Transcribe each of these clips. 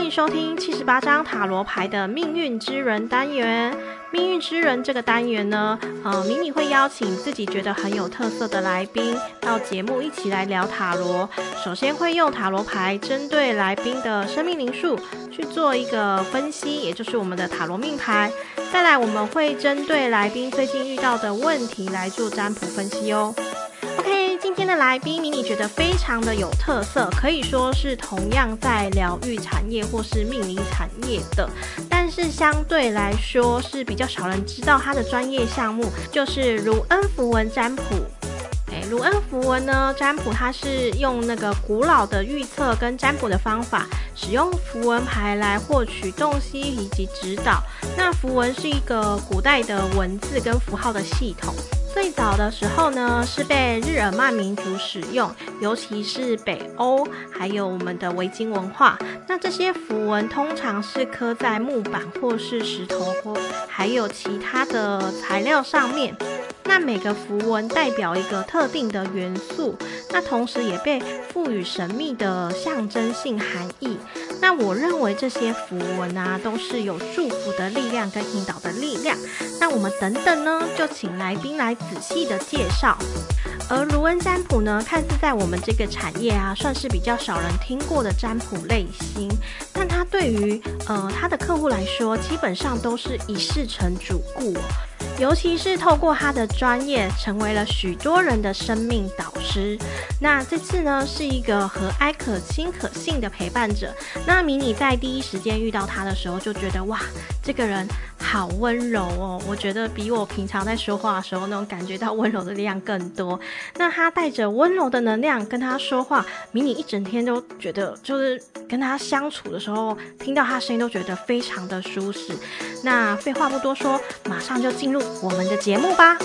歡迎收聽七十八張塔羅牌的命運之人單元。命運之人這個單元呢，呃，迷你會邀請自己覺得很有特色的來賓到節目一起來聊塔羅。首先會用塔羅牌針對來賓的生命靈數去做一個分析，也就是我們的塔羅命牌。再來，我們會針對來賓最近遇到的問題來做占卜分析哦。OK。今天的來賓，迷你覺得非常的有特色，可以說是同樣在療癒產業或是命理產業的，但是相對來說是比較少人知道他的專業項目，就是盧恩符文占卜。哎、欸，盧恩符文呢，占卜它是用那個古老的預測跟占卜的方法，使用符文牌來獲取洞悉以及指導。那符文是一個古代的文字跟符號的系統。最早的時候呢，是被日耳曼民族使用，尤其是北歐，還有我們的維京文化。那這些符文通常是刻在木板或是石頭或還有其他的材料上面。那每個符文代表一個特定的元素，那同時也被賦予神秘的象徵性含義。那我認為這些符文啊，都是有祝福的力量跟引導的力量。那我們等等呢，就請來賓來仔細的介紹。而盧恩占卜呢，看似在我們這個產業啊，算是比較少人聽過的占卜類型。但他對於呃，他的客戶來說，基本上都是一試成主顧，哦，尤其是透過他的專業，成為了許多人的生命導師。那這次呢，是一個和藹可親、可信的陪伴者。那迷你在第一時間遇到他的時候，就覺得哇，這個人好溫柔哦！我覺得比我平常在說話的時候，那種感覺到溫柔的力量更多。那他帶着溫柔的能量跟他說話，迷你一整天都覺得就是跟他相處的時候，候聽到他的聲音都覺得非常的舒適。那廢話不多說，馬上就進入我們的節目吧。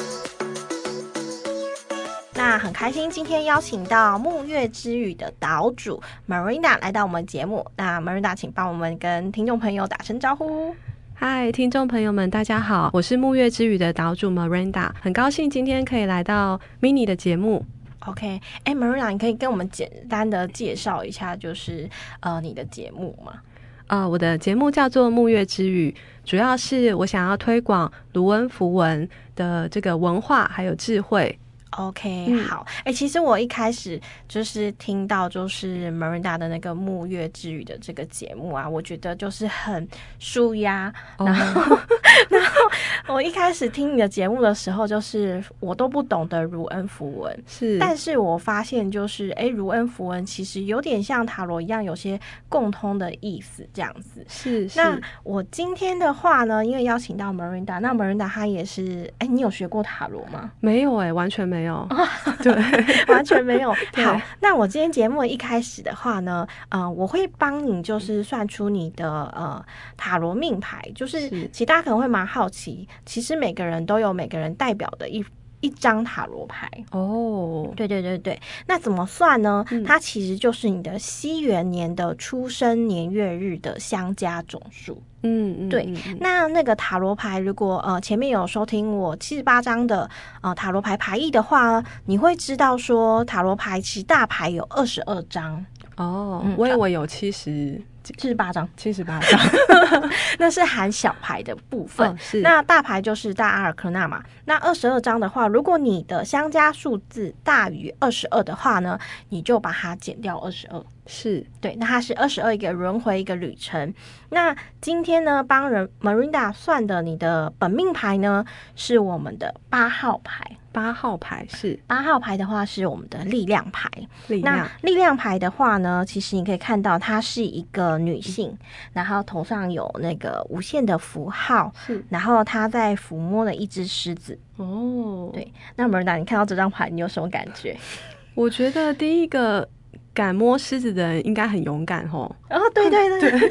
那很開心，今天邀請到沐月之嶼的島主 Miranda 來到我們節目。那 Miranda 請幫我們跟聽眾朋友打聲招呼。嗨，聽眾朋友們，大家好，我是沐月之嶼的島主 Miranda，很高興今天可以來到 Mini 的節目。OK，哎 Miranda 你可以跟我們簡單的介紹一下，就是呃，你的節目嗎？呃，我的節目叫做《沐月之嶼》，主要是我想要推廣盧恩符文的這個文化還有智慧。OK，、嗯、好，哎、欸，其實我一開始就是聽到就是 Miranda 的那個沐月之嶼的這個節目啊，我覺得就是很舒壓，然後、oh. 然後我一開始聽你的節目的時候，就是我都不懂得盧恩符文，是，但是我發現就是，哎、欸，盧恩符文其實有點像塔羅一樣，有些共通的意思這樣子，是，是。那我今天的話呢，因為邀請到 Miranda，那 Miranda 她也是，哎、欸，你有學過塔羅嗎？沒有、欸，哎，完全沒有。沒有，對， 完全沒有。好，那我今天節目一開始的話呢，嗯、呃，我會幫你就是算出你的呃塔羅命牌，就是其實大家可能會蠻好奇，其實每個人都有每個人代表的一一張塔羅牌，哦，oh, 對對對對，那怎麼算呢？嗯、它其實就是你的西元年的出生年月日的相加總數。嗯，對。嗯、那那個塔羅牌，如果呃前面有收聽我七十八張的呃塔羅牌牌意的話，你會知道說塔羅牌其實大牌有二十二張哦，oh, 嗯、我以為有七十。七十八張，七十八張， 那是含小牌的部分。哦、是，那大牌就是大阿爾克納嘛。那二十二張的話，如果你的相加數字大於二十二的話呢，你就把它減掉二十二。是對，那它是二十二個輪回一個旅程。那今天呢，幫人 Miranda 算的，你的本命牌呢，是我們的八號牌。八號牌是八號牌的話，是我們的力量牌。是那力量牌的話呢，其實你可以看到她是一個女性，嗯、然後頭上有那個無限的符號，是，然後她在撫摸了一只獅子。哦，對。那 Miranda，你看到這張牌，你有什麼感覺？ 我覺得第一個。敢摸獅子的人應該很勇敢哦！對對對，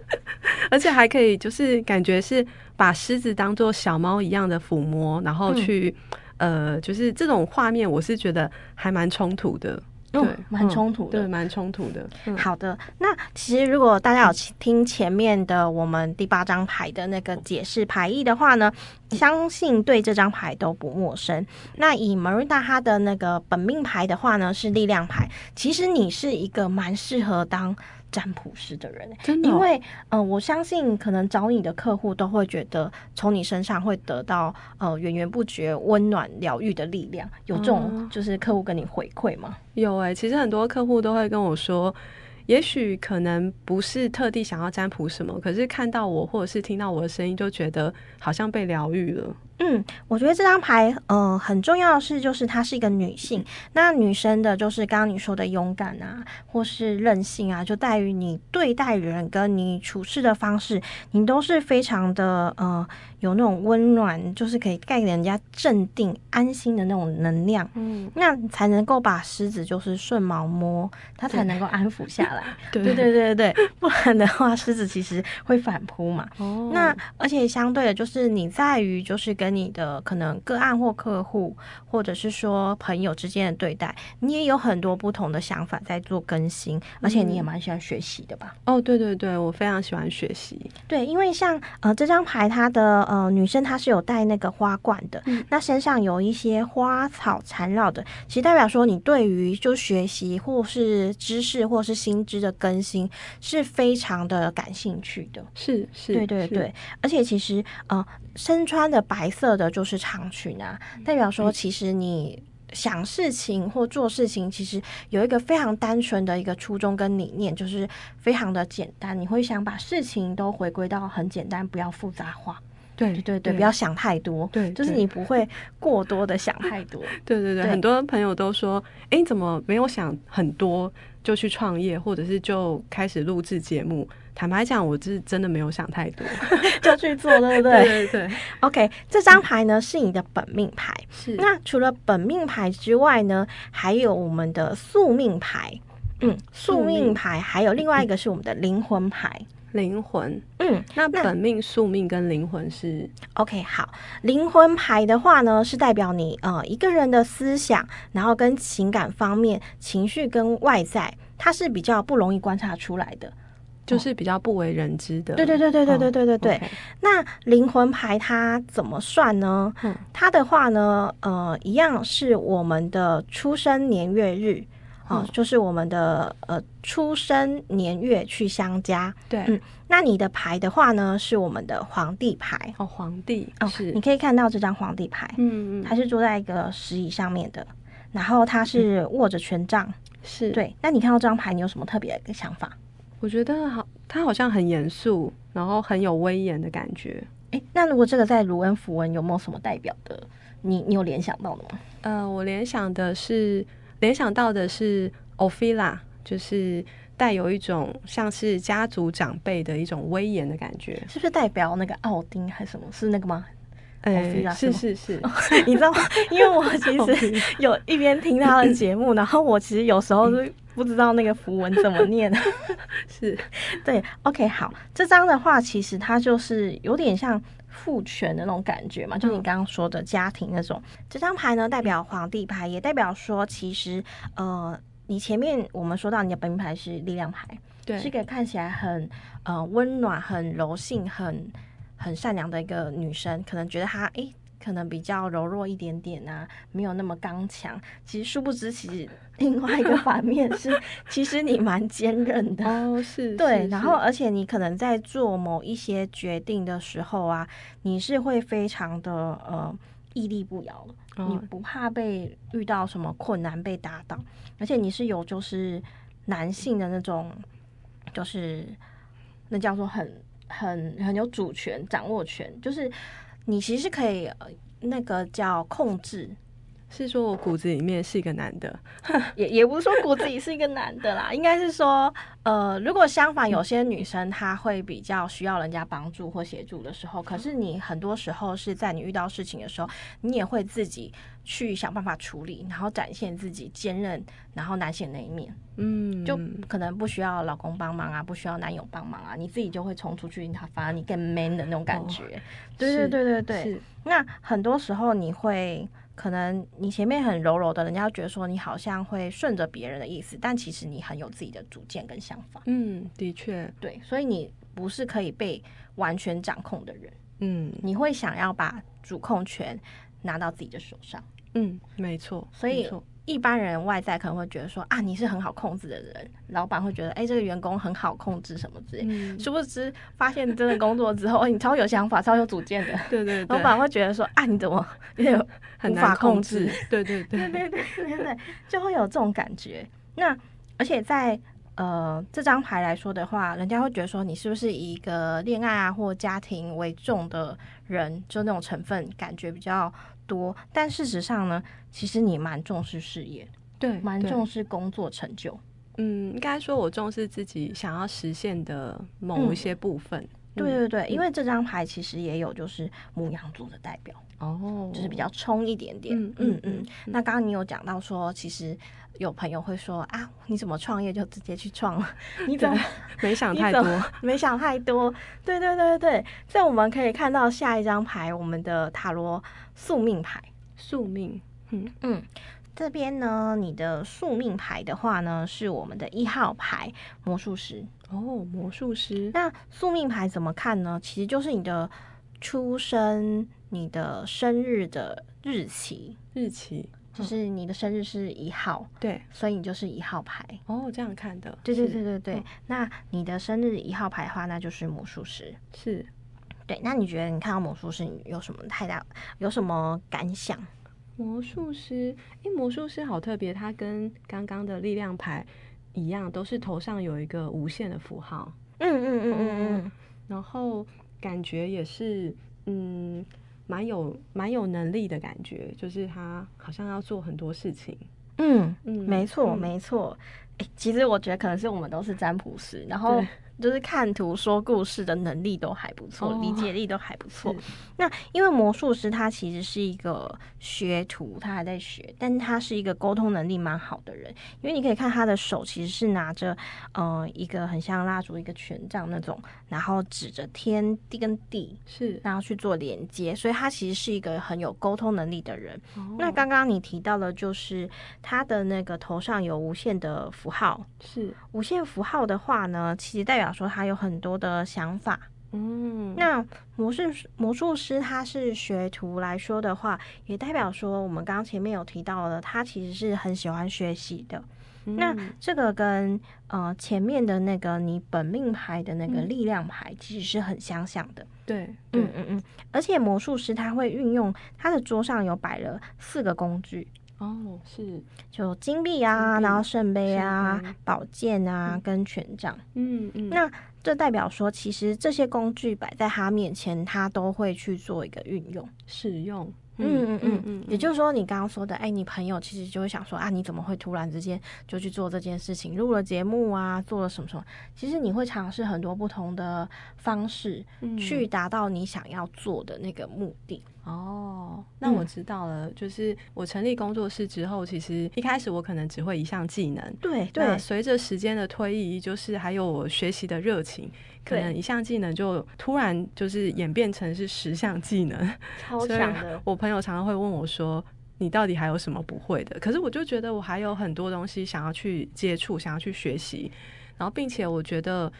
而且還可以，就是感覺是把獅子當做小貓一樣的撫摸，然後去、嗯、呃，就是這種畫面，我是覺得還蠻衝突的，對，哦、蠻衝突的，的、嗯。對，蠻衝突的。嗯、好的，那其實如果大家有聽前面的我們第八張牌的那個解釋牌意的話呢，相信對這張牌都不陌生。那以 Miranda 她的那個本命牌的話呢，是力量牌。其實你是一個蠻適合當占卜師的人，真的、哦。因為嗯、呃，我相信可能找你的客戶都會覺得從你身上會得到呃源源不絕溫暖療癒的力量。有這種就是客戶跟你回饋嗎？有哎、欸，其實很多客戶都會跟我說。也許可能不是特地想要占卜什麼，可是看到我或者是聽到我的聲音就覺得好像被療癒了。嗯，我覺得這張牌，呃，很重要的是，就是她是一個女性。嗯、那女生的，就是剛剛你說的勇敢啊，或是任性啊，就在於你對待人跟你處事的方式，你都是非常的，呃，有那種溫暖，就是可以蓋給人家鎮定、安心的那種能量。嗯，那才能夠把獅子就是順毛摸，對它才能夠安撫下來。對 對對對對，不然的話，獅子其實會反撲嘛。哦，那而且相對的，就是你在於就是跟跟你的可能個案或客戶，或者是說朋友之間的對待，你也有很多不同的想法在做更新，嗯、而且你也蠻喜歡學習的吧？哦，對對對，我非常喜歡學習。對，因為像呃這張牌，它的呃女生，她是有戴那個花冠的，嗯、那身上有一些花草纏繞的，其實代表說你對於就學習或是知識或是新知的更新是非常的感興趣的。是是，是對對對，是而且其實呃身穿的白色。色的就是長裙啊，代表說其實你想事情或做事情，其實有一個非常單純的一個初衷跟理念，就是非常的簡單。你會想把事情都回歸到很簡單，不要複雜化。對對對，對對對，不要想太多。對，對，對，就是你不會過多的想太多。對對對，很多朋友都說，哎，欸，怎麼沒有想很多就去創業，或者是就開始錄製節目？坦白講，我就是真的沒有想太多， 就去做，對不對？對，對對。OK，這張牌呢是你的本命牌。是、嗯。那除了本命牌之外呢，還有我們的宿命牌。嗯，宿命牌還有另外一個是我們的靈魂牌。靈魂。嗯，那本命、宿命跟靈魂是 OK。好，靈魂牌的話呢，是代表你呃一個人的思想，然後跟情感方面、情緒跟外在，它是比較不容易觀察出來的。就是比較不為人知的，對對、哦、對對對對對對對。哦 okay，那靈魂牌它怎麼算呢？嗯，它的話呢，呃，一樣是我們的出生年月日、嗯、哦，就是我們的呃出生年月去相加。對、嗯，那你的牌的話呢，是我們的皇帝牌哦，皇帝哦，是你可以看到這張皇帝牌，嗯嗯，他是坐在一個石椅上面的，然後他是握着權杖，嗯、是對。那你看到這張牌，你有什麼特別的一個想法？我覺得好，他好像很嚴肅，然後很有威嚴的感覺。哎，那如果這個在盧恩符文有沒有什麼代表的？你你有聯想到的嗎？呃，我聯想的是，聯想到的是奧菲拉，就是帶有一種像是家族長輩的一種威嚴的感覺。是不是代表那個奧丁還是什麼？是那個嗎？哎、欸，是是是， 你知道嗎？因為我其實有一邊聽他的節目， 然後我其實有時候是不知道那個符文怎麼念的。 是，對，OK，好，這張的話其實它就是有點像父權的那種感覺嘛，嗯、就你剛剛說的家庭那種。這張牌呢代表皇帝牌，也代表說其實呃，你前面我們說到你的本命牌是力量牌，對，是一個看起來很呃溫暖、很柔性、很。很善良的一個女生，可能覺得她誒可能比較柔弱一點點啊，沒有那麼剛強。其實殊不知其，其實 另外一個反面是，其實你蠻堅韌的哦，是對。是然後，而且你可能在做某一些決定的時候啊，你是會非常的呃屹立不搖，嗯、你不怕被遇到什麼困難被打倒，嗯、而且你是有就是男性的那種，就是那叫做很。很很有主權掌握權，就是你其實可以那個叫控制。是說，我骨子裡面是一個男的， 也也不是說骨子裡是一個男的啦， 應該是說，呃，如果相反，有些女生她會比較需要人家幫助或協助的時候，可是你很多時候是在你遇到事情的時候，你也會自己去想辦法處理，然後展現自己堅韌，然後男性那一面，嗯，就可能不需要老公幫忙啊，不需要男友幫忙啊，你自己就會衝出去，他反而你更 man 的那種感覺，哦、對對對對對。那很多時候你會。可能你前面很柔柔的，人家覺得說你好像會順着別人的意思，但其實你很有自己的主見跟想法。嗯，的確，對，所以你不是可以被完全掌控的人。嗯，你會想要把主控權拿到自己的手上。嗯，沒錯。所以。一般人外在可能會覺得說啊，你是很好控制的人，老闆會覺得哎，這個員工很好控制什麼之類。殊、嗯、不知發現真的工作之後，你超有想法， 超有主見的。對，對對。老闆會覺得說啊，你怎麼也有很難控制？無法控制，對對對對 對對對，就會有這種感覺。那而且在呃這張牌來說的話，人家會覺得說你是不是以一個戀愛啊或家庭為重的人？就那種成分感覺比較多，但事實上呢，其實你蠻重視事業，對，蠻重視工作成就。嗯，應該說，我重視自己想要實現的某一些部分。嗯對對對，嗯、因為這張牌其實也有就是牡羊座的代表哦，就是比較衝一點點。嗯嗯嗯。嗯嗯嗯，那剛剛你有講到說，其實有朋友會說、嗯、啊，你怎麼創業就直接去創了？對你怎麼沒想太多？沒想太多。對對對對對。所以我們可以看到下一張牌，我們的塔羅宿命牌。宿命。嗯嗯，嗯。這邊呢，你的宿命牌的話呢，是我們的一號牌魔術師。哦，魔術師，那宿命牌怎麼看呢？其實就是你的出生，你的生日的日期，日期就是你的生日是一號，對，所以你就是一號牌。哦，這樣看的，對對對對對。是，哦，那你的生日一號牌的話，那就是魔術師，是，對。那你覺得你看到魔術師，你有什麼太大，有什麼感想？魔術師，哎，魔術師好特別，他跟剛剛的力量牌。一樣都是頭上有一個無限的符號，嗯嗯嗯嗯，嗯。嗯嗯嗯嗯，然後感覺也是，嗯，蠻有蠻有能力的感覺，就是他好像要做很多事情，嗯嗯，沒錯沒錯，欸，其實我覺得可能是我們都是占卜師，然後。就是看圖說故事的能力都還不錯，oh, 理解力都還不錯。是那因為魔術師他其實是一個學徒，他還在學，但他是一個溝通能力蠻好的人。因為你可以看他的手，其實是拿着嗯、呃、一個很像蠟燭一個權杖那種，然後指着天地跟地，是然後去做連接，所以他其實是一個很有溝通能力的人。Oh. 那剛剛你提到的，就是他的那個頭上有無限的符號，是無限符號的話呢，其實代表。代表說他有很多的想法，嗯，那魔術魔術師他是學徒來說的話，也代表說我們剛剛前面有提到的，他其實是很喜歡學習的。嗯、那這個跟呃前面的那個你本命牌的那個力量牌其實是很相像的，嗯、對，嗯嗯嗯，而且魔術師他會運用他的桌上有擺了四個工具。哦，是，就金幣啊，幣，然後聖杯啊，寶劍、嗯、啊，嗯、跟權杖，嗯嗯，嗯，那這代表說，其實這些工具擺在他面前，他都會去做一個運用使用，嗯嗯嗯嗯，嗯嗯也就是說，你剛剛說的，哎，你朋友其實就會想說，啊，你怎麼會突然之間就去做這件事情，錄了節目啊，做了什麼什麼？其實你會嘗試很多不同的方式去達到你想要做的那個目的。嗯哦，那我知道了。嗯、就是我成立工作室之後，其實一開始我可能只會一項技能，對對。隨着時間的推移，就是還有我學習的熱情，對可能一項技能就突然就是演變成是十項技能，超強的。我朋友常常會問我說：“你到底還有什麼不會的？”可是我就覺得我還有很多東西想要去接觸，想要去學習，然後並且我覺得。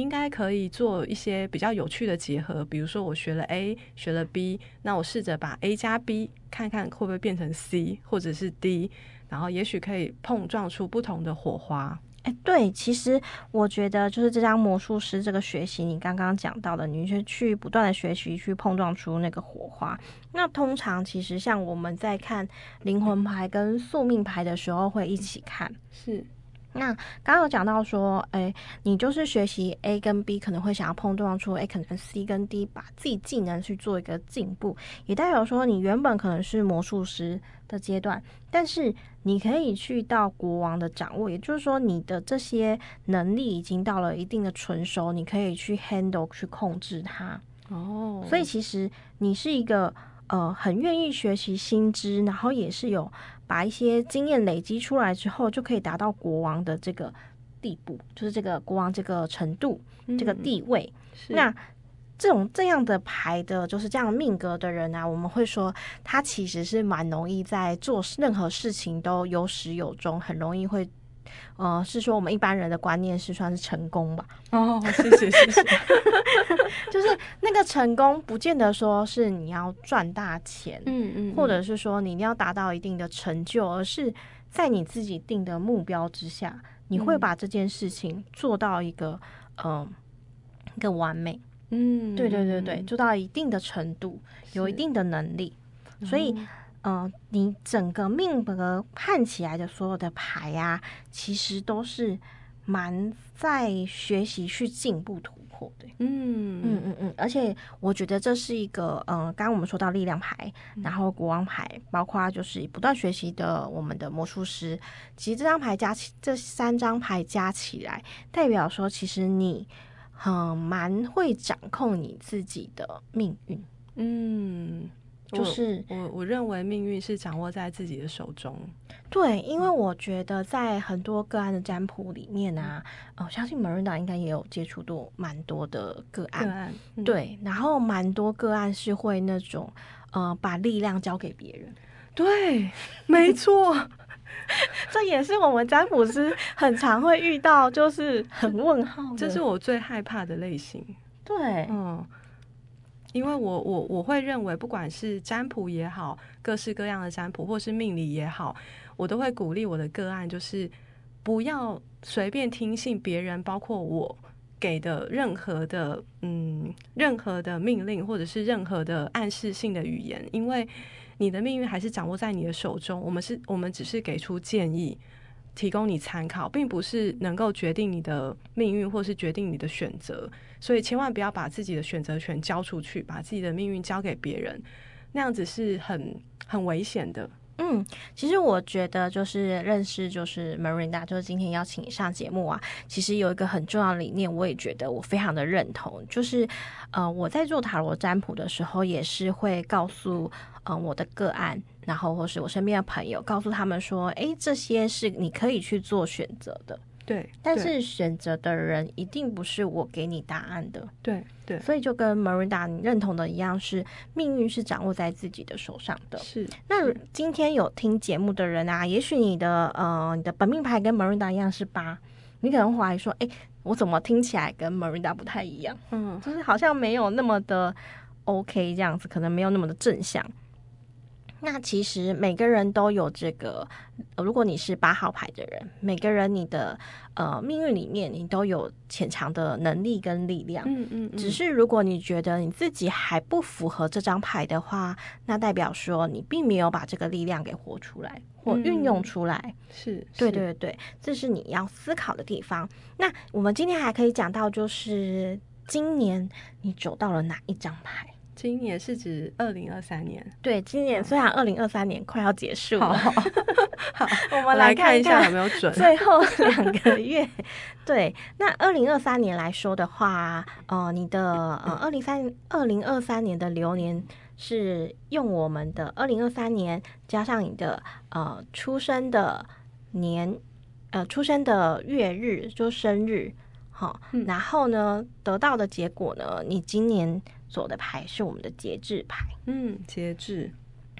應該可以做一些比較有趣的結合，比如說我學了 A，學了 B，那我試着把 A 加 B，看看會不會變成 C 或者是 D，然後也許可以碰撞出不同的火花。欸，對，其實我覺得就是這張魔術師這個學習，你剛剛講到的，你去去不斷的學習，去碰撞出那個火花。那通常其實像我們在看靈魂牌跟宿命牌的時候，會一起看，是。那剛剛講到說，誒、欸、你就是學習 A 跟 B，可能會想要碰撞出 A 可能 C 跟 D，把自己技能去做一個進步，也代表說你原本可能是魔術師的階段，但是你可以去到國王的掌握，也就是說你的這些能力已經到了一定的純熟，你可以去 handle 去控制它。哦，oh. 所以其實你是一個呃很願意學習新知，然後也是有。把一些經驗累積出來之後，就可以達到國王的這個地步，就是這個國王這個程度，嗯、這個地位。是那這種這樣的牌的，就是這樣命格的人呢，啊？我們會說他其實是蠻容易在做任何事情都有始有終，很容易會。呃，是說我們一般人的觀念是算是成功吧？哦，謝謝謝謝， 就是那個成功，不見得說是你要賺大錢，嗯嗯，嗯嗯或者是說你要達到一定的成就，而是在你自己定的目標之下，嗯、你會把這件事情做到一個呃，一個完美。嗯，對對對對，做到一定的程度，有一定的能力，嗯、所以。嗯、呃，你整個命格看起來的所有的牌呀、啊，其實都是蠻在學習去進步突破的。嗯嗯嗯嗯，而且我覺得這是一個，嗯、呃，剛剛我們說到力量牌，然後國王牌，包括就是不斷學習的我們的魔術師，其實這張牌加起這三張牌加起來，代表說其實你很、呃、蠻會掌控你自己的命運。嗯。就是我，我認為命運是掌握在自己的手中。對，因為我覺得在很多個案的占卜裡面啊，哦、嗯，呃、我相信 Miranda 應該也有接觸過蠻多的個案。個案嗯、對，然後蠻多個案是會那種、呃、把力量交給別人。對，沒錯， 這也是我們占卜師很常會遇到，就是很問號這。這是我最害怕的類型。對，嗯。因為我我我會認為，不管是占卜也好，各式各樣的占卜，或是命理也好，我都會鼓勵我的個案，就是不要隨便聽信別人，包括我給的任何的嗯任何的命令，或者是任何的暗示性的語言。因為你的命運還是掌握在你的手中，我們是我們只是給出建議。提供你參考，並不是能夠決定你的命運，或是決定你的選擇。所以，千萬不要把自己的選擇權交出去，把自己的命運交給別人，那樣子是很很危險的。嗯，其實我覺得就是認識就是 Miranda，就是今天邀請你上節目啊。其實有一個很重要的理念，我也覺得我非常的認同，就是呃，我在做塔羅占卜的時候，也是會告訴嗯、呃、我的個案，然後或是我身邊的朋友，告訴他們說，誒、欸，這些是你可以去做選擇的。對，對但是選擇的人一定不是我給你答案的。對、對，對，所以就跟 Miranda 你認同的一樣，是命運是掌握在自己的手上的。是，是，那今天有聽節目的人啊，也許你的呃你的本命牌跟 Miranda 一樣是八，你可能會懷疑說，哎，我怎麼聽起來跟 Miranda 不太一樣？嗯，就是好像沒有那麼的 OK 這樣子，可能沒有那麼的正向。那其實每個人都有這個，如果你是八號牌的人，每個人你的呃命運裡面你都有潛藏的能力跟力量，嗯嗯，嗯嗯，只是如果你覺得你自己還不符合這張牌的話，那代表說你並沒有把這個力量給活出來或運用出來，嗯、是對對對，這是你要思考的地方。是那我們今天還可以講到，就是今年你走到了哪一張牌？今年是指二零二三年，對，今年，嗯、雖然二零二三年快要結束了，好，好，好 我們來看一下有沒有準，最後兩個月， 對，那二零二三年來說的話，呃，你的呃，二零三二零二三年的流年是用我們的二零二三年加上你的呃出生的年呃出生的月日就生日，好，嗯、然後呢得到的結果呢，你今年。左的牌是我們的節制牌，嗯，節制。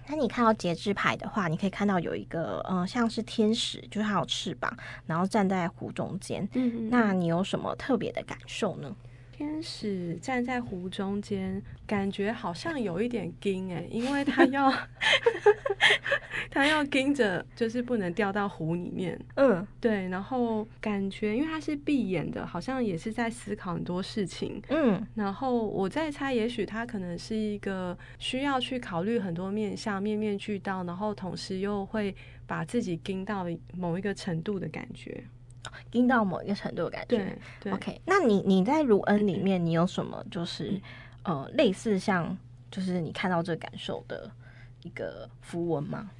那你看到節制牌的話，你可以看到有一個，嗯、呃，像是天使，就是還有翅膀，然後站在湖中間。嗯，嗯，嗯，那你有什麼特別的感受呢？天使站在湖中間，感覺好像有一點撐。哎，因為他要 他要撐著，就是不能掉到湖裡面。嗯，對。然後感覺，因為他是閉眼的，好像也是在思考很多事情。嗯，然後我在猜，也許他可能是一個需要去考慮很多面向、面面俱到，然後同時又會把自己撐到某一個程度的感覺。聽到某一個程度的感覺。對，對，OK，那你你在盧恩裡面，你有什麼就是 Okay. 呃類似像就是你看到這感受的一個符文嗎？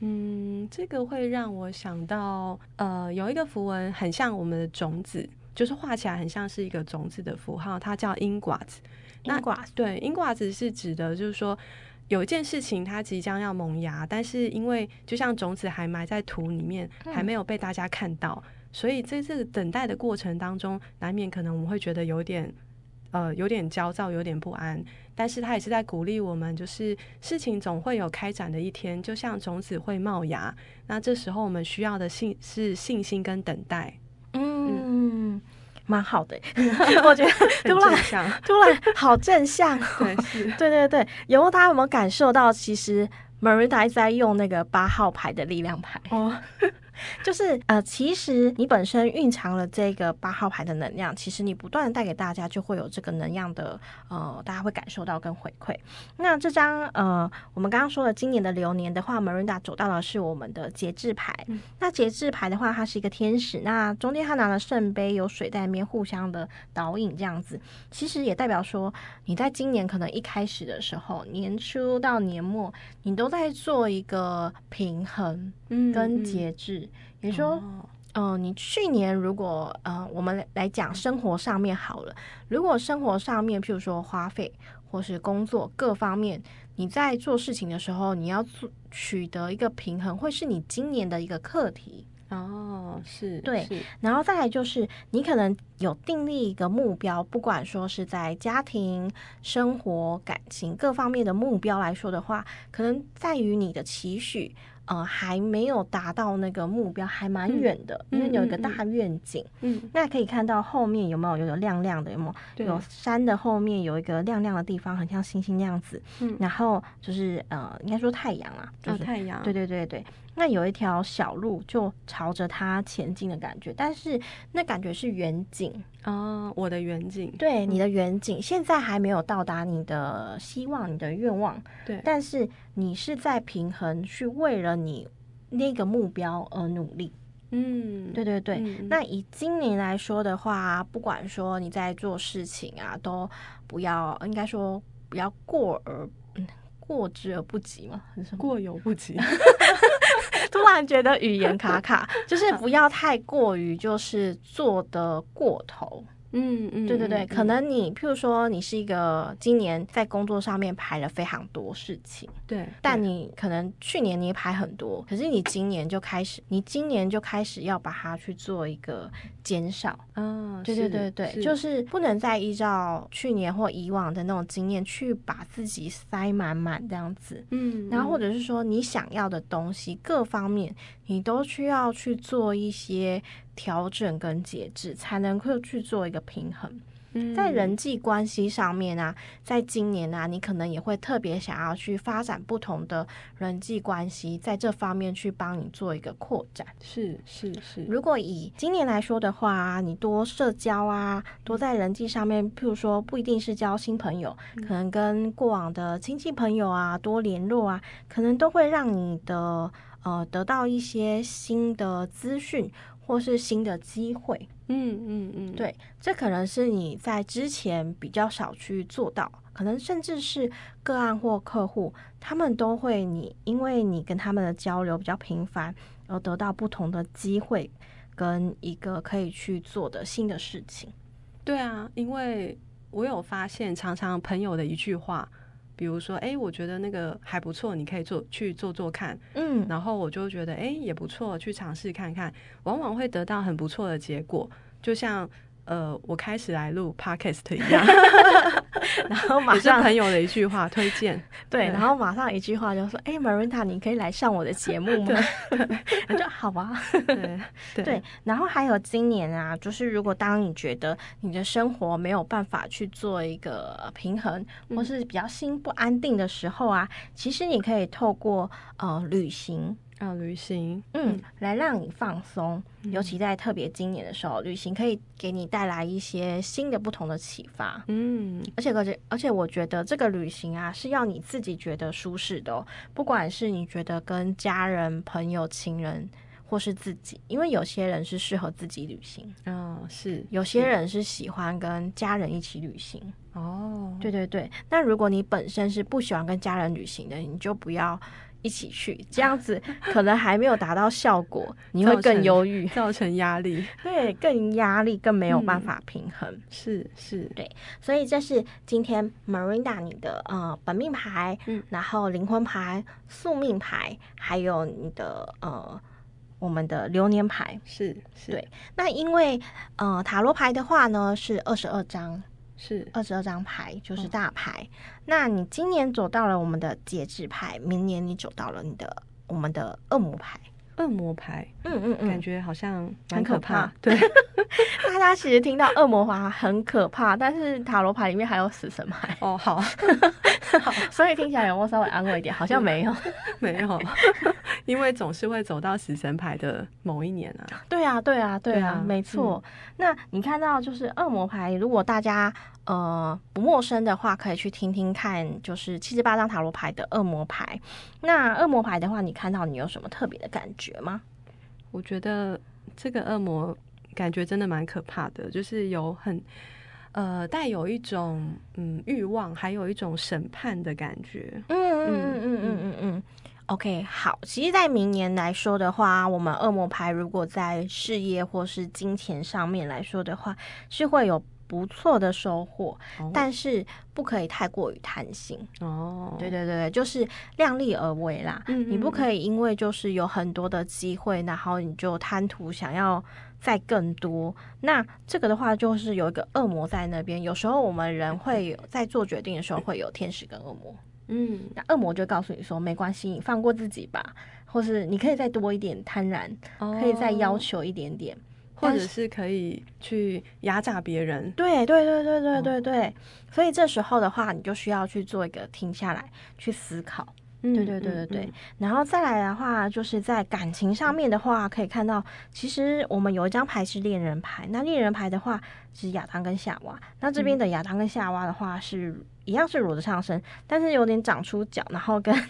嗯，這個會讓我想到呃，有一個符文很像我們的種子，就是畫起來很像是一個種子的符號，它叫英寡子。英寡子，那英寡子對，英寡子是指的，就是說有一件事情它即將要萌芽，但是因為就像種子還埋在土裡面，嗯，還沒有被大家看到。所以在這個等待的過程當中，難免可能我們會覺得有點呃有點焦躁，有點不安。但是他也是在鼓勵我們，就是事情總會有開展的一天，就像種子會冒芽。那這時候我們需要的是信是信心跟等待。嗯，蠻、嗯、好的， 我覺得 突然突然好正向、哦， 對對對對。然後大家有沒有感受到，其實 Miranda 在用那個八號牌的力量牌哦。Oh. 就是呃，其實你本身蘊藏了這個八號牌的能量，其實你不斷帶給大家，就會有這個能量的呃，大家會感受到跟回饋。那這張呃，我們剛剛說了，今年的流年的話，Miranda 走到的是我們的節制牌。嗯、那節制牌的話，它是一個天使，那中間它拿了聖杯，有水在裡面互相的導引這樣子，其實也代表說你在今年可能一開始的時候，年初到年末。你都在做一個平衡跟節制，嗯嗯，也就是說嗯、哦呃，你去年如果嗯、呃，我們來講生活上面好了，如果生活上面譬如說花費或是工作各方面，你在做事情的時候，你要取得一個平衡，會是你今年的一個課題。哦，是對，是然後再來就是，你可能有訂立一個目標，不管說是在家庭、生活、感情各方面的目標來說的話，可能在於你的期許。呃，還沒有達到那個目標，還蠻遠的，嗯、因為有一個大願景嗯。嗯，那可以看到後面有沒有有亮亮的？有沒有對有山的後面有一個亮亮的地方，很像星星那樣子。嗯，然後就是呃，應該說太陽啊，就是、啊、太陽，對對對對。那有一條小路，就朝着它前進的感覺，但是那感覺是遠景啊、哦，我的遠景，對你的遠景，嗯、現在還沒有到達你的希望、你的願望。對，但是。你是在平衡，去為了你那個目標而努力。嗯，對對對。嗯、那以今年來說的話，不管說你在做事情啊，都不要，應該說不要過而過之而不及嘛，過猶不及。 突然覺得語言卡卡， 就是不要太過於，就是做得過頭。嗯嗯，嗯對對對，嗯、可能你，譬如說你是一個今年在工作上面排了非常多事情，對，對但你可能去年你也排很多，可是你今年就開始，你今年就開始要把它去做一個減少，嗯、哦，對對對對，是就是不能再依照去年或以往的那種經驗去把自己塞滿滿這樣子，嗯，然後或者是說你想要的東西各方面，你都需要去做一些。調整跟節制，才能夠去做一個平衡。嗯，在人際關係上面啊，在今年啊，你可能也會特別想要去發展不同的人際關係，在這方面去幫你做一個擴展。是是是。是是如果以今年來說的話，你多社交啊，多在人際上面，譬如說，不一定是交新朋友，嗯，可能跟過往的親戚朋友啊多聯絡啊，可能都會讓你的呃得到一些新的資訊。或是新的機會，嗯嗯嗯，嗯嗯對，這可能是你在之前比較少去做到，可能甚至是個案或客戶，他們都會你因為你跟他們的交流比較頻繁，而得到不同的機會跟一個可以去做的新的事情。對啊，因為我有發現常常朋友的一句話。比如說，哎，我覺得那個還不錯，你可以做去做做看，嗯，然後我就覺得，哎，也不錯，去嘗試看看，往往會得到很不錯的結果，就像。呃，我開始來錄 podcast 一樣， 然後馬上也是朋友的一句話推薦， 對，對，對，然後馬上一句話就說：“哎、欸、，Miranda，你可以來上我的節目嗎？”我 對 就好吧， 對對，對。然後還有今年啊，就是如果當你覺得你的生活沒有辦法去做一個平衡，或是比較心不安定的時候啊，其實你可以透過呃旅行，啊，旅行，嗯，來讓你放鬆，嗯、尤其在特別今年的時候，旅行可以給你帶來一些新的、不同的啟發。嗯，而且而且，而且，我覺得這個旅行啊，是要你自己覺得舒適的、哦，不管是你覺得跟家人、朋友、情人，或是自己，因為有些人是適合自己旅行，嗯、哦，是有些人是喜歡跟家人一起旅行。哦，對對對，那如果你本身是不喜歡跟家人旅行的，你就不要。一起去這樣子，可能還沒有達到效果，你會更憂鬱，造成壓力， 對，更壓力，更沒有辦法平衡，是、嗯、是，是對，所以這是今天 Miranda 你的呃本命牌，嗯、然後靈魂牌、宿命牌，還有你的呃我們的流年牌，是是，是對，那因為呃塔羅牌的話呢是二十二張。是二十二張牌，就是大牌。嗯，那你今年走到了我們的節制牌，明年你走到了你的我們的惡魔牌。惡魔牌，嗯嗯，嗯感覺好像蠻可怕，很可怕。對， 大家其實聽到惡魔牌很可怕，但是塔羅牌裡面還有死神牌。哦，好， 好，所以聽起來有沒有稍微安慰一點？好像沒有，啊、沒有， 因為總是會走到死神牌的某一年啊。 對啊，對啊，對啊，對啊，沒錯。嗯、那你看到就是惡魔牌，如果大家，呃，不陌生的話，可以去聽聽看，就是七十八張塔羅牌的惡魔牌。那惡魔牌的話，你看到你有什麼特別的感覺嗎？我覺得這個惡魔感覺真的蠻可怕的，就是有很呃帶有一種嗯慾望，還有一種審判的感覺。嗯嗯嗯嗯嗯嗯嗯。OK，好，其實在明年來說的話，我們惡魔牌如果在事業或是金錢上面來說的話，是會有。不錯的收穫，oh. 但是不可以太過於貪心哦。對、oh. 對對對，就是量力而為啦。Mm hmm. 你不可以因為就是有很多的機會，然後你就貪圖想要再更多。那這個的話，就是有一個惡魔在那邊。有時候我們人會有在做決定的時候會有天使跟惡魔。嗯、mm，hmm. 那惡魔就告訴你說，沒關係，你放過自己吧，或是你可以再多一點貪婪，oh. 可以再要求一點點。或者是可以去壓榨別人，對對對對對對對，嗯、所以這時候的話，你就需要去做一個停下來去思考，嗯、對對對對對。嗯嗯、然後再來的話，就是在感情上面的話，可以看到其實我們有一張牌是戀人牌，那戀人牌的話是亞當跟夏娃，那這邊的亞當跟夏娃的話是、嗯、一樣是裸的上身，但是有點長出腳，然後跟。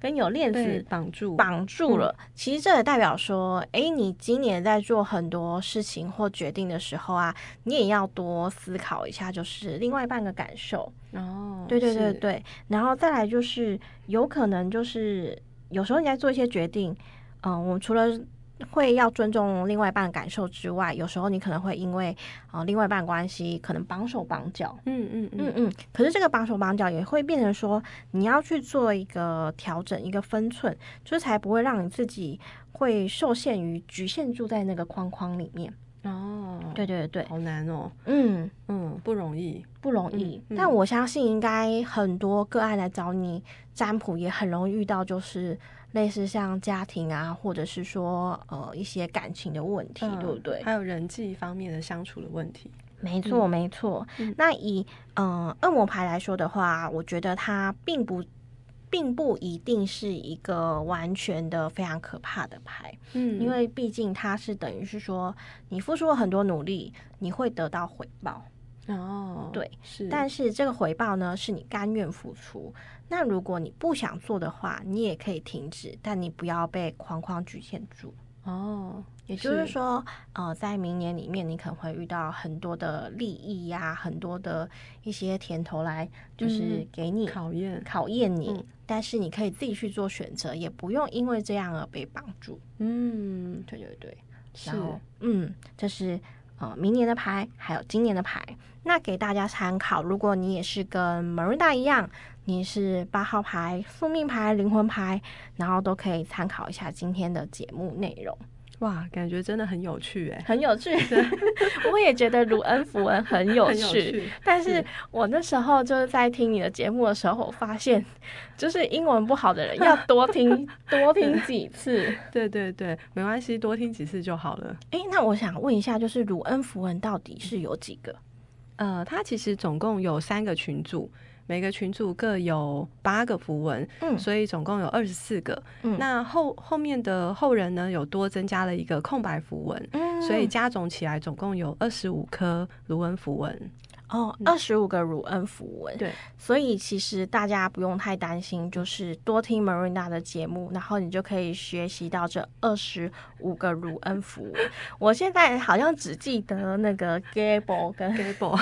跟有鏈子綁住，綁住了，其實這也代表說，哎，你今年在做很多事情或決定的時候啊，你也要多思考一下，就是另外半個感受哦。對對對對，對，然後再來就是有可能就是有時候你在做一些決定，嗯，我們除了。會要尊重另外一半的感受之外，有時候你可能會因為啊、呃、另外一半關係可能綁手綁腳，嗯嗯嗯嗯，嗯嗯嗯，可是這個綁手綁腳也會變成說你要去做一個調整，一個分寸，就是才不會讓你自己會受限於侷限住在那個框框裡面。哦，對對對對，好難哦，嗯嗯，嗯，不容易，不容易。嗯、但我相信應該很多個案來找你占卜也很容易遇到，就是。類似像家庭啊，或者是說呃一些感情的問題，嗯、對不對？還有人際方面的相處的問題。沒錯，嗯、沒錯。那以嗯、呃、惡魔牌來說的話，我覺得它並不並不一定是一個完全的非常可怕的牌。嗯，因為畢竟它是等於是說你付出了很多努力，你會得到回報。哦，對，是。但是這個回報呢，是你甘願付出。那如果你不想做的話，你也可以停止，但你不要被框框侷限住哦。也是就是說，呃，在明年裡面，你可能會遇到很多的利益呀、啊，很多的一些甜頭來，就是給你、嗯、考驗考驗你。嗯、但是你可以自己去做選擇，也不用因為這樣而被綁住。嗯，對對對，是然後嗯，這是呃，明年的牌還有今年的牌，那給大家參考。如果你也是跟 Miranda 一樣。你是八號牌、宿命牌、靈魂牌，然後都可以參考一下今天的節目內容。哇，感覺真的很有趣哎、欸，很有趣。對 我也覺得盧恩符文很有趣，有趣但是我那時候就是在聽你的節目的時候，我發現就是英文不好的人要多聽 多聽幾次。對對對，沒關係，多聽幾次就好了。誒、欸，那我想問一下，就是盧恩符文到底是有幾個？呃，它其實總共有三個群組。每個群組各有八個符文，嗯，所以總共有二十四個。嗯，那後後面的後人呢，有多增加了一個空白符文，嗯，所以加總起來總共有二十五顆盧恩符文。哦，二十五個盧恩符文。對，所以其實大家不用太擔心，就是多聽 Miranda 的節目，然後你就可以學習到這二十五個盧恩符文。我現在好像只記得那個 Gable 跟 Gable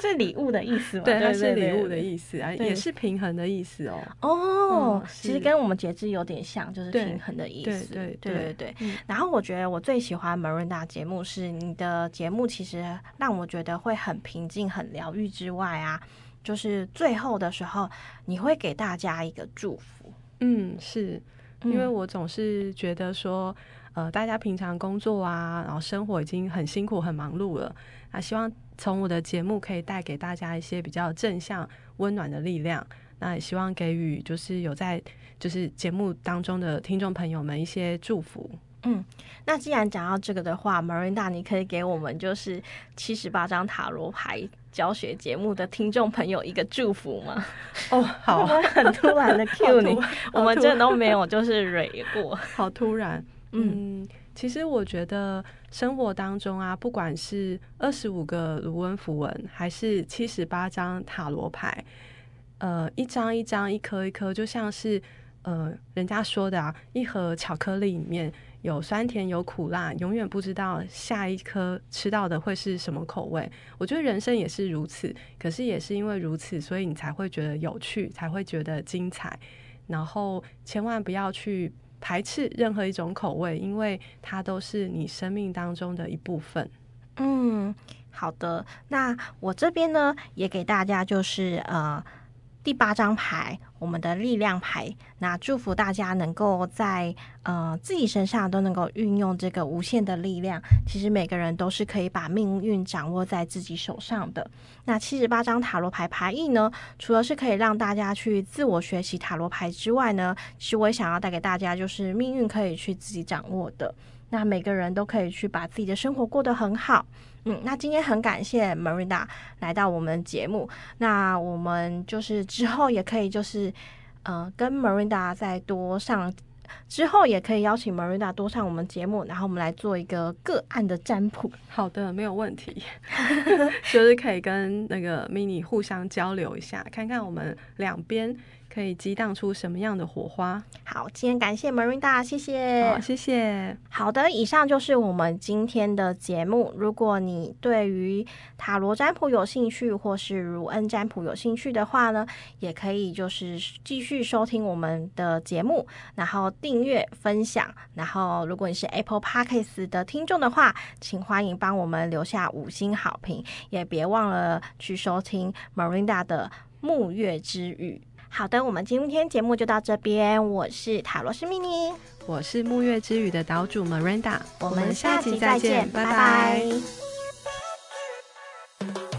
是禮物的意思，對，它是禮物的意思啊，也是平衡的意思哦。哦，其實跟我們節制有點像，就是平衡的意思。對對對對對。然後我覺得我最喜歡 Miranda 節目是你的節目，其實讓我覺得會很。很平靜、很療癒之外啊，就是最後的時候，你會給大家一個祝福。嗯，是因為我總是覺得說，嗯、呃，大家平常工作啊，然後生活已經很辛苦、很忙碌了，啊，那希望從我的節目可以帶給大家一些比較正向、溫暖的力量。那也希望給予就是有在就是節目當中的聽眾朋友們一些祝福。嗯，那既然講到這個的話，Miranda，你可以給我們就是七十八張塔羅牌教學節目的聽眾朋友一個祝福嗎？哦，好， 我很突然的 Q 你， 我，突我們這都沒有就是蕊過，好突然。嗯，嗯，其實我覺得生活當中啊，不管是二十五個盧恩符文還是七十八張塔羅牌，呃，一張一張，一顆一顆，一顆就像是。呃，人家說的啊，一盒巧克力裡面有酸甜有苦辣，永遠不知道下一顆吃到的會是什麼口味。我覺得人生也是如此，可是也是因為如此，所以你才會覺得有趣，才會覺得精彩。然後千萬不要去排斥任何一種口味，因為它都是你生命當中的一部分。嗯，好的，那我這邊呢，也給大家就是呃，第八張牌，我們的力量牌。那祝福大家能夠在呃自己身上都能夠運用這個無限的力量。其實每個人都是可以把命運掌握在自己手上的。那七十八張塔羅牌牌意呢，除了是可以讓大家去自我學習塔羅牌之外呢，其實我也想要帶給大家，就是命運可以去自己掌握的。那每個人都可以去把自己的生活過得很好。嗯，那今天很感謝 Miranda 來到我們節目。那我們就是之後也可以就是，呃，跟 Miranda 再多上，之後也可以邀請 Miranda 多上我們節目，然後我們來做一個個案的占卜。好的，沒有問題， 就是可以跟那個 Mini 互相交流一下，看看我們兩邊。可以激盪出什麼樣的火花？好，今天感謝 Miranda，謝謝，oh, 謝謝。好的，以上就是我們今天的節目。如果你對於塔羅占卜有興趣，或是盧恩占卜有興趣的話呢，也可以就是繼續收聽我們的節目，然後訂閱分享。然後，如果你是 Apple Podcasts 的聽眾的話，請歡迎幫我們留下五星好評，也別忘了去收聽 Miranda 的《沐月之嶼》。好的，我們今天節目就到這邊。我是塔羅師 Mini，我是沐月之嶼的島主 Miranda。我們下集再見，拜拜。Bye bye bye bye